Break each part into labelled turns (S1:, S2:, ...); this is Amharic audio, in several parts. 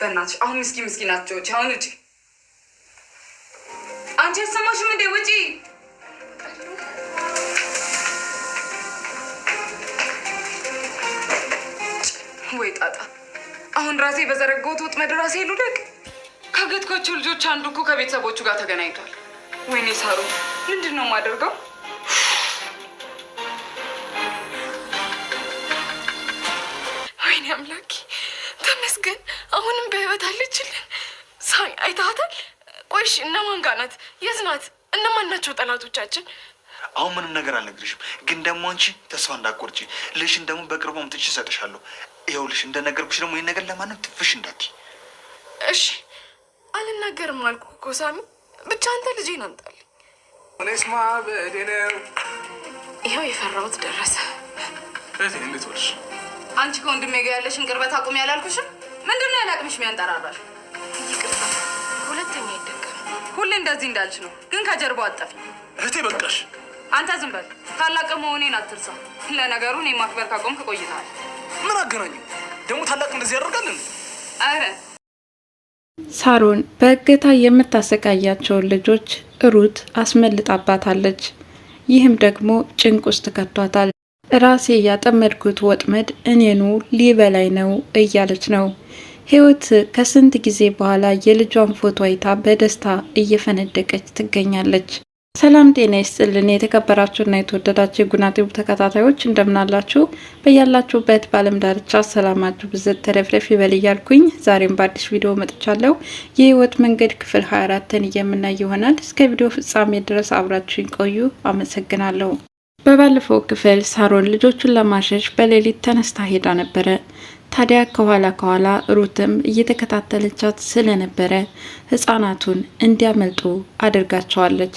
S1: በእናትሽ አሁን ምስኪ ምስኪ ናቸው። አሁን ውጪ። አንቺ አሰማሽም እንዴ? ውጪ
S2: ወይ ጣጣ። አሁን ራሴ በዘረጋሁት ወጥመድ ራሴ ልውደቅ።
S1: ካገትኳቸው ልጆች አንዱ እኮ ከቤተሰቦቹ ጋር ተገናኝቷል። ወይኔ ሳሩ፣ ምንድን ነው የማደርገው?
S2: ወይኔ አምላኬ ተመስገን። አሁንም በህይወት አለችልን። ሳይ አይታታል። ቆይሽ እነማን ጋር ናት? የት ናት? እነማን ናቸው ጠላቶቻችን?
S3: አሁን ምንም ነገር አልነግርሽም፣ ግን ደግሞ አንቺ ተስፋ እንዳትቆርጪ። ልሽን ደግሞ በቅርቡ አምጥቼ እሰጥሻለሁ። ይኸውልሽ እንደነገርኩሽ ደግሞ ይህን ነገር ለማንም ትፍሽ እንዳትይ
S2: እሺ። አልናገርም አልኩህ እኮ ሳሚ። ብቻ አንተ ልጄን አምጣልኝ። ስማ ይኸው የፈራሁት ደረሰ።
S1: አንቺ ከወንድሜ ጋር ያለሽን ቅርበት አቁሚ ያላልኩሽም ምንድን ነው ያላቅምሽ ሚያንጠራራሽ?
S2: ሁለተኛ አይደገም።
S1: ሁሌ እንደዚህ እንዳልች ነው፣ ግን ከጀርባው አጠፊ እህቴ። በቃሽ። አንተ ዝም በል። ታላቅ መሆኔን አትርሳ። ለነገሩ እኔ ማክበር ካቆምክ ቆይተሃል።
S3: ምን አገናኙ ደግሞ? ታላቅ እንደዚህ ያደርጋልን?
S1: አረ
S4: ሳሮን በእገታ የምታሰቃያቸውን ልጆች ሩት አስመልጣባታለች። ይህም ደግሞ ጭንቅ ውስጥ ከቷታል። ራሴ ያጠመድኩት ወጥመድ እኔኑ ሊበላይ ነው እያለች ነው። ህይወት ከስንት ጊዜ በኋላ የልጇን ፎቶ አይታ በደስታ እየፈነደቀች ትገኛለች። ሰላም ጤና ይስጥልን የተከበራችሁና የተወደዳችሁ የጉናጤው ተከታታዮች እንደምናላችሁ በያላችሁበት በዓለም ዳርቻ ሰላማችሁ ብዘት ተረፍረፍ ይበል እያልኩኝ ዛሬም በአዲስ ቪዲዮ መጥቻለሁ። የህይወት መንገድ ክፍል 24ን የምናይ ይሆናል። እስከ ቪዲዮ ፍጻሜ ድረስ አብራችሁኝ ቆዩ። አመሰግናለሁ። በባለፈው ክፍል ሳሮን ልጆቹን ለማሸሽ በሌሊት ተነስታ ሄዳ ነበረ። ታዲያ ከኋላ ከኋላ ሩትም እየተከታተለቻት ስለነበረ ህፃናቱን እንዲያመልጡ አድርጋቸዋለች።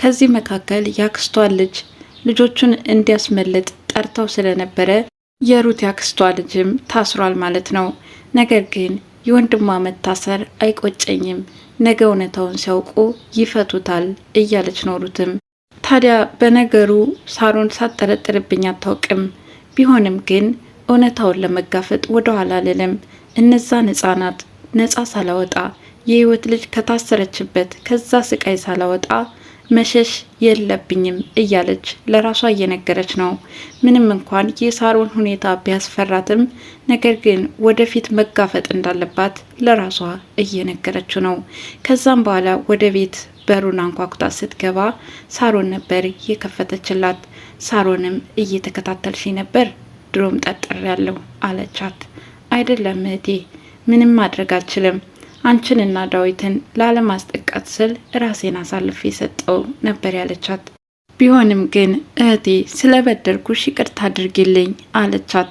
S4: ከዚህ መካከል ያክስቷ ልጅ ልጆቹን እንዲያስመልጥ ጠርተው ስለነበረ የሩት ያክስቷ ልጅም ታስሯል ማለት ነው። ነገር ግን የወንድሟ መታሰር አይቆጨኝም፣ ነገ እውነታውን ሲያውቁ ይፈቱታል እያለች ነው ሩትም። ታዲያ በነገሩ ሳሮን ሳትጠረጥርብኝ አታውቅም። ቢሆንም ግን እውነታውን ለመጋፈጥ ወደ ኋላ አልልም። እነዛን ህጻናት ነጻ ሳላወጣ የህይወት ልጅ ከታሰረችበት ከዛ ስቃይ ሳላወጣ መሸሽ የለብኝም እያለች ለራሷ እየነገረች ነው። ምንም እንኳን የሳሮን ሁኔታ ቢያስፈራትም፣ ነገር ግን ወደፊት መጋፈጥ እንዳለባት ለራሷ እየነገረችው ነው። ከዛም በኋላ ወደ ቤት በሩን አንኳኩታ ስትገባ ሳሮን ነበር የከፈተችላት። ሳሮንም እየተከታተልሽ ነበር ድሮም ጠርጥር ያለው አለቻት። አይደለም እህቴ፣ ምንም ማድረግ አልችልም። አንቺንና ዳዊትን ላለማስጠቃት ስል ራሴን አሳልፌ የሰጠው ነበር ያለቻት። ቢሆንም ግን እህቴ ስለበደርኩሽ ይቅርታ አድርጊልኝ አለቻት።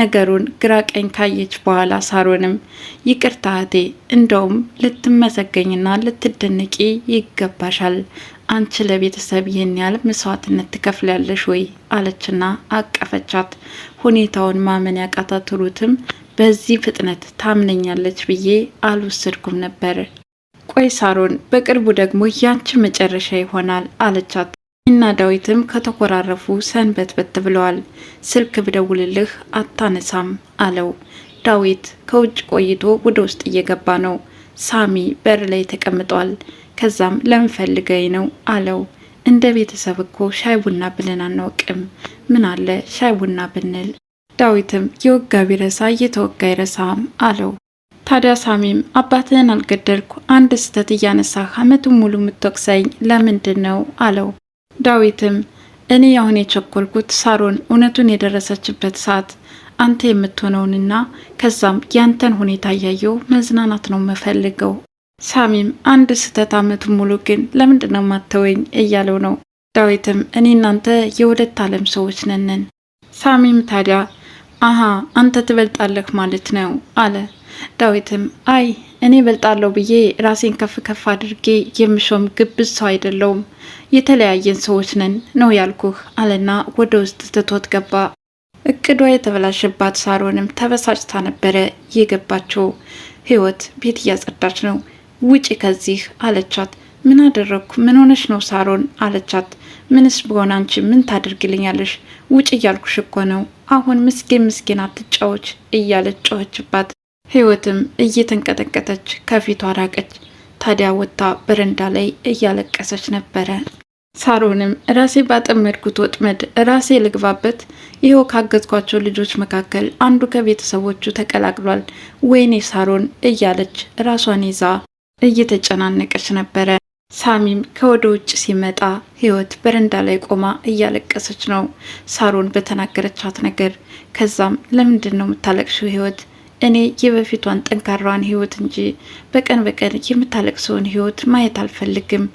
S4: ነገሩን ግራ ቀኝ ካየች በኋላ ሳሮንም ይቅርታ እህቴ፣ እንደውም ልትመሰገኝና ልትደነቂ ይገባሻል። አንቺ ለቤተሰብ ይህን ያህል መስዋዕትነት ትከፍላለሽ ወይ አለችና አቀፈቻት። ሁኔታውን ማመን ያቃታት ሩትም በዚህ ፍጥነት ታምነኛለች ብዬ አልወሰድኩም ነበር። ቆይ ሳሮን፣ በቅርቡ ደግሞ ያንቺ መጨረሻ ይሆናል አለቻት። እና ዳዊትም ከተኮራረፉ ሰንበት በት ብለዋል። ስልክ ብደውልልህ አታነሳም አለው። ዳዊት ከውጭ ቆይቶ ወደ ውስጥ እየገባ ነው። ሳሚ በር ላይ ተቀምጧል። ከዛም ለምፈልገኝ ነው አለው። እንደ ቤተሰብ እኮ ሻይ ቡና ብለን አናውቅም። ምን አለ ሻይ ቡና ብንል። ዳዊትም የወጋ ቢረሳ እየተወጋ አይረሳም አለው። ታዲያ ሳሚም አባትህን አልገደልኩ፣ አንድ ስህተት እያነሳህ ዓመቱን ሙሉ የምትወቅሰኝ ለምንድን ነው አለው። ዳዊትም እኔ አሁን የቸኮልኩት ሳሮን እውነቱን የደረሰችበት ሰዓት አንተ የምትሆነውንና ከዛም ያንተን ሁኔታ እያየው መዝናናት ነው የምፈልገው ሳሚም አንድ ስህተት አመቱን ሙሉ ግን ለምንድን ነው ማተወኝ እያለው ነው። ዳዊትም እኔ እናንተ የሁለት ዓለም ሰዎች ነንን። ሳሚም ታዲያ አሃ አንተ ትበልጣለህ ማለት ነው አለ። ዳዊትም አይ እኔ በልጣለሁ ብዬ ራሴን ከፍ ከፍ አድርጌ የምሾም ግብዝ ሰው አይደለውም፣ የተለያየን ሰዎች ነን ነው ያልኩህ አለና ወደ ውስጥ ትቶት ገባ። እቅዷ የተበላሸባት ሳሮንም ተበሳጭታ ነበረ የገባቸው። ህይወት ቤት እያጸዳች ነው። ውጪ ከዚህ አለቻት። ምን አደረግኩ? ምን ሆነሽ ነው ሳሮን አለቻት። ምንስ በሆነ አንቺ ምን ታደርግልኛለሽ? ውጭ እያልኩሽ እኮ ነው። አሁን ምስኪን ምስኪን አትጫዎች እያለች ጮኸችባት። ህይወትም እየተንቀጠቀጠች ከፊቷ ራቀች። ታዲያ ወጥታ በረንዳ ላይ እያለቀሰች ነበረ። ሳሮንም ራሴ ባጠመድኩት ወጥመድ ራሴ ልግባበት፣ ይኸው ካገዝኳቸው ልጆች መካከል አንዱ ከቤተሰቦቹ ተቀላቅሏል፣ ወይኔ ሳሮን እያለች ራሷን ይዛ እየተጨናነቀች ነበረ። ሳሚም ከወደ ውጭ ሲመጣ ህይወት በረንዳ ላይ ቆማ እያለቀሰች ነው ሳሮን በተናገረቻት ነገር። ከዛም ለምንድን ነው የምታለቅሽው ህይወት? እኔ የበፊቷን ጠንካራዋን ህይወት እንጂ በቀን በቀን የምታለቅሰውን ህይወት ማየት አልፈልግም።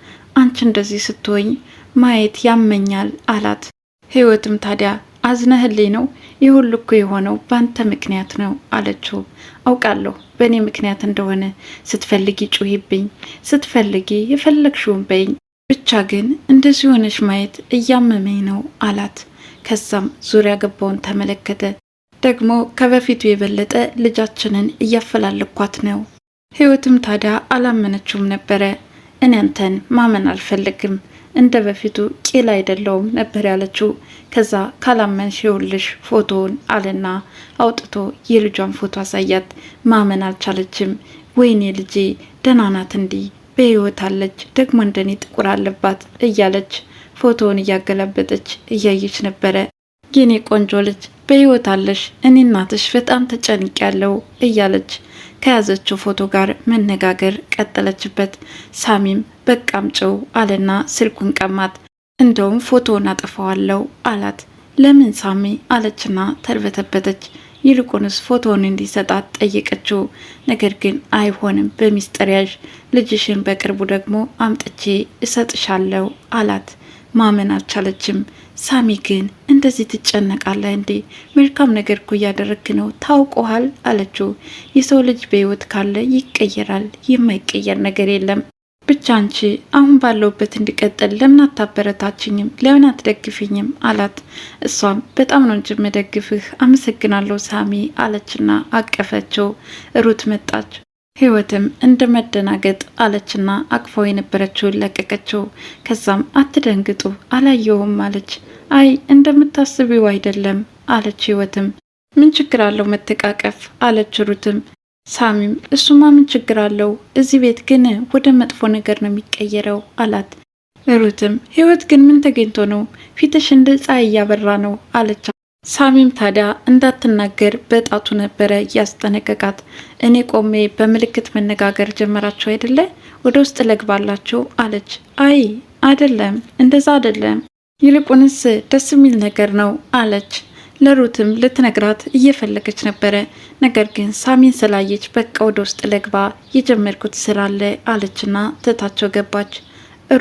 S4: አንቺ እንደዚህ ስትሆኝ ማየት ያመኛል አላት። ህይወትም ታዲያ አዝነህልኝ ነው ይህ ሁሉ እኮ የሆነው በአንተ ምክንያት ነው አለችው። አውቃለሁ በእኔ ምክንያት እንደሆነ ስትፈልጊ ጩሂብኝ፣ ስትፈልጊ የፈለግሽውን በይኝ፣ ብቻ ግን እንደዚህ ሆነሽ ማየት እያመመኝ ነው አላት። ከዛም ዙሪያ ገባውን ተመለከተ። ደግሞ ከበፊቱ የበለጠ ልጃችንን እያፈላለኳት ነው። ህይወትም ታዲያ አላመነችውም ነበረ። እኔ አንተን ማመን አልፈልግም እንደ በፊቱ ቂል አይደለውም ነበር ያለችው። ከዛ ካላመንሽ ይኸውልሽ ፎቶውን አለና አውጥቶ የልጇን ፎቶ አሳያት። ማመን አልቻለችም። ወይኔ ልጄ ደህና ናት፣ እንዲህ በህይወት አለች፣ ደግሞ እንደኔ ጥቁር አለባት እያለች ፎቶውን እያገላበጠች እያየች ነበረ። የኔ ቆንጆ ልጅ በህይወት አለሽ፣ እኔ እናትሽ በጣም ተጨንቅ ያለው እያለች ከያዘችው ፎቶ ጋር መነጋገር ቀጠለችበት። ሳሚም በቃም ጭው አለና ስልኩን ቀማት። እንደውም ፎቶውን አጠፋዋለው አላት። ለምን ሳሚ አለችና ተርበተበተች። ይልቁንስ ፎቶውን እንዲሰጣት ጠየቀችው። ነገር ግን አይሆንም፣ በሚስጥር ያዥ፣ ልጅሽን በቅርቡ ደግሞ አምጥቼ እሰጥሻለው አላት። ማመን አልቻለችም። ሳሚ ግን እንደዚህ ትጨነቃለህ እንዴ? መልካም ነገር እኮ እያደረግክ ነው፣ ታውቀሃል አለችው። የሰው ልጅ በህይወት ካለ ይቀየራል፣ የማይቀየር ነገር የለም። ብቻ አንቺ አሁን ባለውበት እንድቀጥል ለምን አታበረታችኝም? ለምን አትደግፍኝም? አላት። እሷም በጣም ነው እንጂ መደግፍህ፣ አመሰግናለሁ ሳሚ አለችና አቀፈችው። ሩት መጣች። ህይወትም እንደ መደናገጥ አለችና አቅፋው የነበረችውን ለቀቀችው። ከዛም አትደንግጡ አላየውም አለች። አይ እንደምታስቢው አይደለም አለች ህይወትም። ምን ችግር አለው መተቃቀፍ አለች ሩትም። ሳሚም እሱማ ምን ችግር አለው እዚህ ቤት ግን ወደ መጥፎ ነገር ነው የሚቀየረው አላት። ሩትም ህይወት ግን ምን ተገኝቶ ነው ፊትሽ እንደ ፀሐይ እያበራ ነው አለች። ሳሚም ታዲያ እንዳትናገር በጣቱ ነበረ እያስጠነቀቃት እኔ ቆሜ በምልክት መነጋገር ጀመራቸው አይደለ? ወደ ውስጥ ለግባላችሁ አለች። አይ አይደለም፣ እንደዛ አይደለም፣ ይልቁንስ ደስ የሚል ነገር ነው አለች። ለሩትም ልትነግራት እየፈለገች ነበረ። ነገር ግን ሳሚን ስላየች በቃ ወደ ውስጥ ለግባ የጀመርኩት ስላለ አለችና ትታቸው ገባች።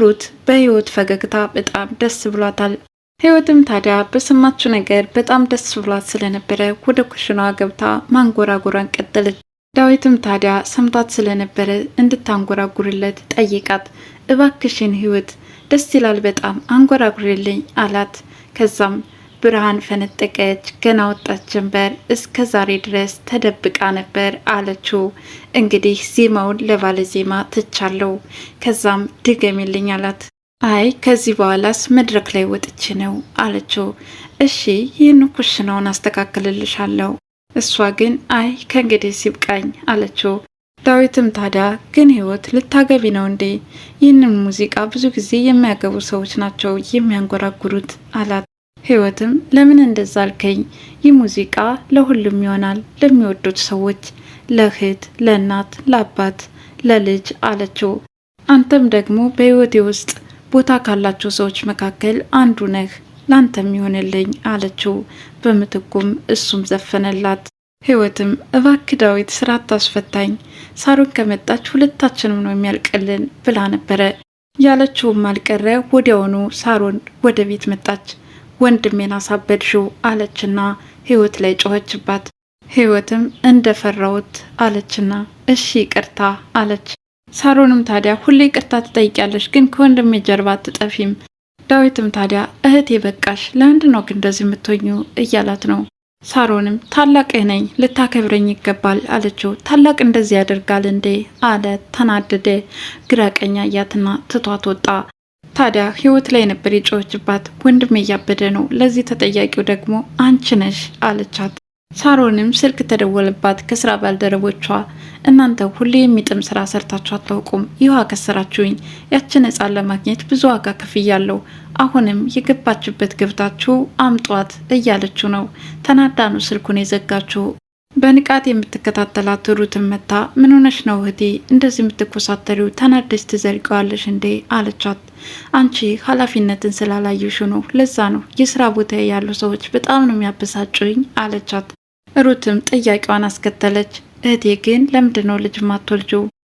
S4: ሩት በህይወት ፈገግታ በጣም ደስ ብሏታል። ህይወትም ታዲያ በሰማችው ነገር በጣም ደስ ብሏት ስለነበረ ወደ ኩሽናዋ ገብታ ማንጎራጎሯን ቀጠለች። ዳዊትም ታዲያ ሰምቷት ስለነበረ እንድታንጎራጉርለት ጠይቃት። እባክሽን ህይወት ደስ ይላል በጣም አንጎራጉርልኝ አላት። ከዛም ብርሃን ፈነጠቀች፣ ገና ወጣች ጀንበር እስከ ዛሬ ድረስ ተደብቃ ነበር አለችው። እንግዲህ ዜማውን ለባለ ዜማ ትቻለው። ከዛም ድገሚልኝ አላት። አይ ከዚህ በኋላስ መድረክ ላይ ወጥቼ ነው አለችው። እሺ ይህን ኩሽናውን አስተካክልልሻለሁ። እሷ ግን አይ ከእንግዲህ ሲብቃኝ አለችው። ዳዊትም ታዲያ ግን ህይወት ልታገቢ ነው እንዴ? ይህንን ሙዚቃ ብዙ ጊዜ የሚያገቡ ሰዎች ናቸው የሚያንጎራጉሩት አላት። ህይወትም ለምን እንደዛ አልከኝ? ይህ ሙዚቃ ለሁሉም ይሆናል፣ ለሚወዱት ሰዎች፣ ለእህት፣ ለእናት፣ ለአባት፣ ለልጅ አለችው። አንተም ደግሞ በህይወቴ ውስጥ ቦታ ካላቸው ሰዎች መካከል አንዱ ነህ፣ ላንተም ይሆንልኝ አለችው። በምትኩም እሱም ዘፈነላት። ህይወትም እባክ ዳዊት ስራ አታስፈታኝ፣ ሳሩን ከመጣች ሁለታችንም ነው የሚያልቅልን ብላ ነበረ ያለችውም አልቀረ ወዲያውኑ ሳሮን ወደ ቤት መጣች። ወንድሜን አሳበድሽው አለችና ህይወት ላይ ጮኸችባት። ህይወትም እንደፈራሁት አለችና እሺ ይቅርታ አለች። ሳሮንም ታዲያ ሁሌ ይቅርታ ትጠይቂያለሽ፣ ግን ከወንድሜ ጀርባ አትጠፊም። ዳዊትም ታዲያ እህቴ በቃሽ፣ ለምንድን ነው ግን እንደዚህ የምትሆኙ እያላት ነው። ሳሮንም ታላቅህ ነኝ፣ ልታከብረኝ ይገባል አለችው። ታላቅ እንደዚህ ያደርጋል እንዴ አለ ተናደደ። ግራቀኛ እያትና ትቷት ወጣ። ታዲያ ህይወት ላይ ነበር የጮኸችባት። ወንድሜ እያበደ ነው፣ ለዚህ ተጠያቂው ደግሞ አንቺ ነሽ አለቻት። ሳሮንም ስልክ ተደወለባት ከስራ ባልደረቦቿ እናንተ ሁሌ የሚጥም ስራ ሰርታችሁ አታውቁም። ይዋ ከሰራችሁኝ። ያችን ህፃን ለማግኘት ብዙ ዋጋ ከፍያለሁ። አሁንም የገባችበት ገብታችሁ አምጧት እያለችው ነው። ተናዳኑ ስልኩን የዘጋችሁ በንቃት የምትከታተላት ሩትን መታ ምን ሆነሽ ነው እህቴ እንደዚህ የምትኮሳተሪው? ተናደሽ ትዘልቀዋለሽ እንዴ አለቻት። አንቺ ኃላፊነትን ስላላየሽ ነው። ለዛ ነው የስራ ቦታ ያሉ ሰዎች በጣም ነው የሚያበሳጩኝ አለቻት። ሩትም ጥያቄዋን አስከተለች። እህቴ ግን ለምንድነው ልጅ ማትወልጁ?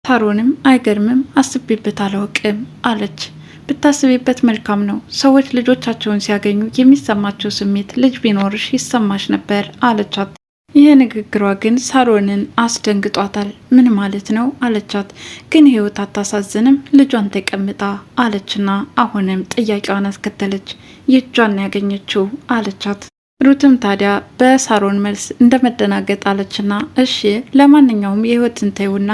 S4: ታሮንም አይገርምም፣ አስቢበት አላውቅም አለች። ብታስቢበት መልካም ነው። ሰዎች ልጆቻቸውን ሲያገኙ የሚሰማቸው ስሜት ልጅ ቢኖርሽ ይሰማሽ ነበር አለቻት። ይህ ንግግሯ ግን ሳሮንን አስደንግጧታል። ምን ማለት ነው አለቻት። ግን ህይወት አታሳዝንም ልጇን ተቀምጣ አለችና አሁንም ጥያቄዋን አስከተለች። የእጇን ያገኘችው አለቻት። ሩትም ታዲያ በሳሮን መልስ እንደመደናገጥ አለችና እሺ ለማንኛውም የህይወትን ተይውና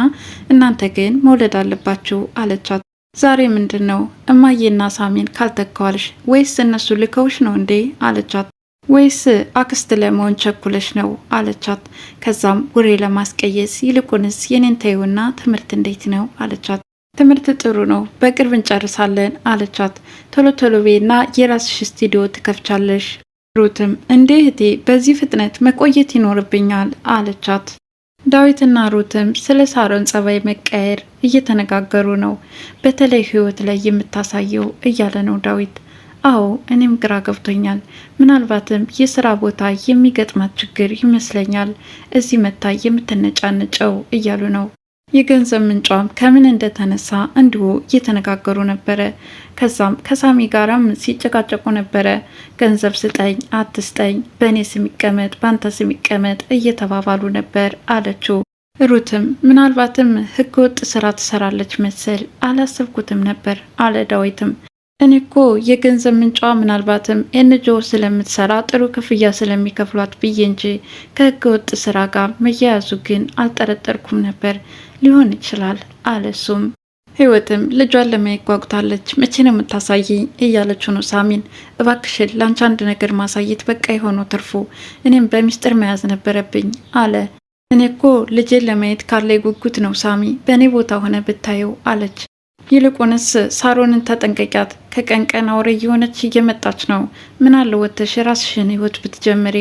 S4: እናንተ ግን መውለድ አለባችሁ አለቻት። ዛሬ ምንድን ነው እማዬና ሳሚን ካልተከዋልሽ ወይስ እነሱ ልከውሽ ነው እንዴ አለቻት። ወይስ አክስት ለመሆን ቸኩለሽ ነው አለቻት። ከዛም ውሬ ለማስቀየስ ይልቁንስ የኔን ተይውና ትምህርት እንዴት ነው አለቻት። ትምህርት ጥሩ ነው፣ በቅርብ እንጨርሳለን አለቻት። ቶሎ ቶሎ ቤና የራስሽ ስቱዲዮ ትከፍቻለሽ ሩትም እንዴ እህቴ በዚህ ፍጥነት መቆየት ይኖርብኛል አለቻት። ዳዊትና ሩትም ስለ ሳሮን ጸባይ መቀየር እየተነጋገሩ ነው። በተለይ ህይወት ላይ የምታሳየው እያለ ነው ዳዊት። አዎ እኔም ግራ ገብቶኛል። ምናልባትም የስራ ቦታ የሚገጥማት ችግር ይመስለኛል እዚህ መታ የምትነጫነጨው እያሉ ነው። የገንዘብ ምንጯም ከምን እንደተነሳ እንዲሁ እየተነጋገሩ ነበረ። ከዛም ከሳሚ ጋራም ሲጨቃጨቁ ነበረ። ገንዘብ ስጠኝ፣ አትስጠኝ፣ በእኔ ስም ይቀመጥ፣ በአንተ ስም ይቀመጥ እየተባባሉ ነበር አለችው። ሩትም ምናልባትም ህገወጥ ስራ ትሰራለች መሰል አላሰብኩትም ነበር አለ ዳዊትም። እኔ እኮ የገንዘብ ምንጫዋ ምናልባትም ኤንጂኦ ስለምትሰራ ጥሩ ክፍያ ስለሚከፍሏት ብዬ እንጂ ከህገ ወጥ ስራ ጋር መያያዙ ግን አልጠረጠርኩም ነበር። ሊሆን ይችላል አለ እሱም። ህይወትም ልጇን ለማየት ጓጉታለች። መቼ ነው የምታሳየኝ? እያለችው ነው ሳሚን። እባክሽን ለአንቺ አንድ ነገር ማሳየት በቃ የሆነ ትርፉ እኔም በሚስጥር መያዝ ነበረብኝ አለ። እኔ እኮ ልጄን ለማየት ካለ ጉጉት ነው ሳሚ፣ በእኔ ቦታ ሆነ ብታየው አለች ይልቁንስ ሳሮንን ተጠንቀቂያት። ከቀን ቀን አውሬ የሆነች እየመጣች ነው። ምን አለ ወጥተሽ የራስሽን ህይወት ብትጀምሪ፣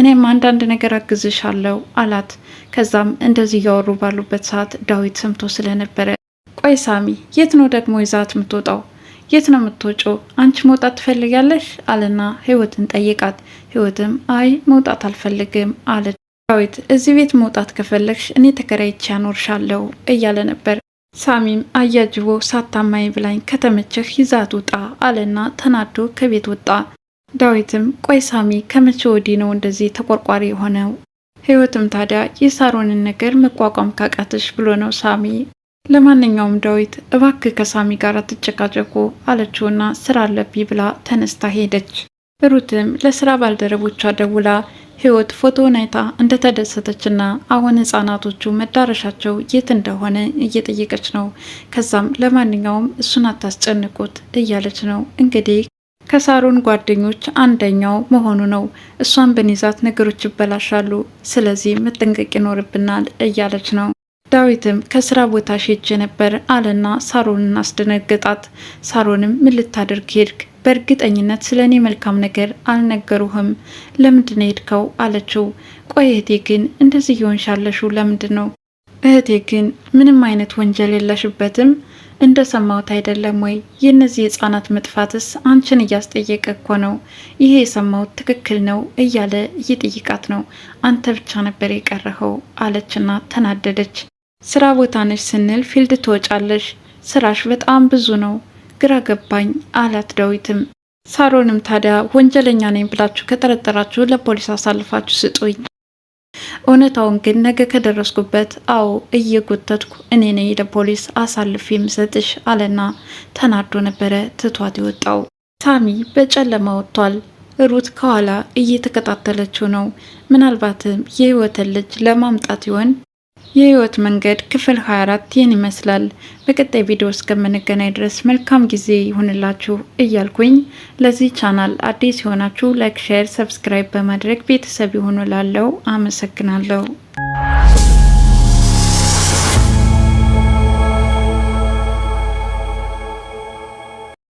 S4: እኔም አንዳንድ ነገር አግዝሻለሁ አላት። ከዛም እንደዚህ እያወሩ ባሉበት ሰዓት ዳዊት ሰምቶ ስለነበረ ቆይ ሳሚ፣ የት ነው ደግሞ ይዛት የምትወጣው? የት ነው የምትወጪው? አንቺ መውጣት ትፈልጋለሽ አለና ህይወትን ጠይቃት። ህይወትም አይ መውጣት አልፈልግም አለች። ዳዊት እዚህ ቤት መውጣት ከፈለግሽ እኔ ተከራይቼ ያኖርሻለሁ እያለ ነበር። ሳሚም አያጅቦ ሳታማኝ ብላኝ ከተመቸህ ይዛት ውጣ አለና ተናዶ ከቤት ወጣ። ዳዊትም ቆይ ሳሚ ከመቼ ወዲህ ነው እንደዚህ ተቆርቋሪ የሆነው? ህይወትም ታዲያ የሳሮንን ነገር መቋቋም ካቃተሽ ብሎ ነው ሳሚ። ለማንኛውም ዳዊት እባክህ ከሳሚ ጋር ትጨቃጨቁ አለችውና ስራ አለብኝ ብላ ተነስታ ሄደች። ሩትም ለስራ ባልደረቦቿ ደውላ ህይወት ፎቶውን አይታ እንደተደሰተችና አሁን ህጻናቶቹ መዳረሻቸው የት እንደሆነ እየጠየቀች ነው። ከዛም ለማንኛውም እሱን አታስጨንቁት እያለች ነው እንግዲህ ከሳሮን ጓደኞች አንደኛው መሆኑ ነው። እሷን በኒዛት ነገሮች ይበላሻሉ፣ ስለዚህ መጠንቀቅ ይኖርብናል እያለች ነው። ዳዊትም ከስራ ቦታ ሄጄ ነበር አለና ሳሮንን አስደነገጣት። ሳሮንም ምን ልታደርግ ሄድክ? በእርግጠኝነት ስለ እኔ መልካም ነገር አልነገሩህም። ለምንድን ነው ሄድከው? አለችው። ቆይ እህቴ ግን እንደዚህ እየሆንሻለሹ ለምንድን ነው? እህቴ ግን ምንም አይነት ወንጀል የለሽበትም እንደ ሰማሁት አይደለም ወይ? የእነዚህ የህጻናት መጥፋትስ አንቺን እያስጠየቀ እኮ ነው። ይሄ የሰማሁት ትክክል ነው እያለ እየጠይቃት ነው። አንተ ብቻ ነበር የቀረኸው አለችና ተናደደች። ስራ ቦታ ነሽ ስንል ፊልድ ትወጫለሽ። ስራሽ በጣም ብዙ ነው ግራ ገባኝ አላት ዳዊትም። ሳሮንም ታዲያ ወንጀለኛ ነኝ ብላችሁ ከጠረጠራችሁ ለፖሊስ አሳልፋችሁ ስጡኝ፣ እውነታውን ግን ነገ ከደረስኩበት፣ አዎ እየጎተትኩ እኔ ነኝ ለፖሊስ አሳልፍ የምሰጥሽ አለና ተናዶ ነበረ ትቷት የወጣው። ሳሚ በጨለማ ወጥቷል። ሩት ከኋላ እየተከታተለችው ነው። ምናልባትም የህይወትን ልጅ ለማምጣት ይሆን? የህይወት መንገድ ክፍል 24 ይህን ይመስላል። በቀጣይ ቪዲዮ እስከምንገናኝ ድረስ መልካም ጊዜ ይሁንላችሁ እያልኩኝ ለዚህ ቻናል አዲስ የሆናችሁ ላይክ፣ ሼር፣ ሰብስክራይብ በማድረግ ቤተሰብ ይሁኑ። ላለው አመሰግናለሁ።